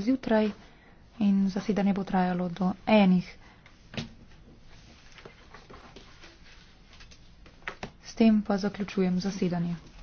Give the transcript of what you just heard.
zjutraj in zasedanje bo trajalo do enih. S tem pa zaključujem zasedanje.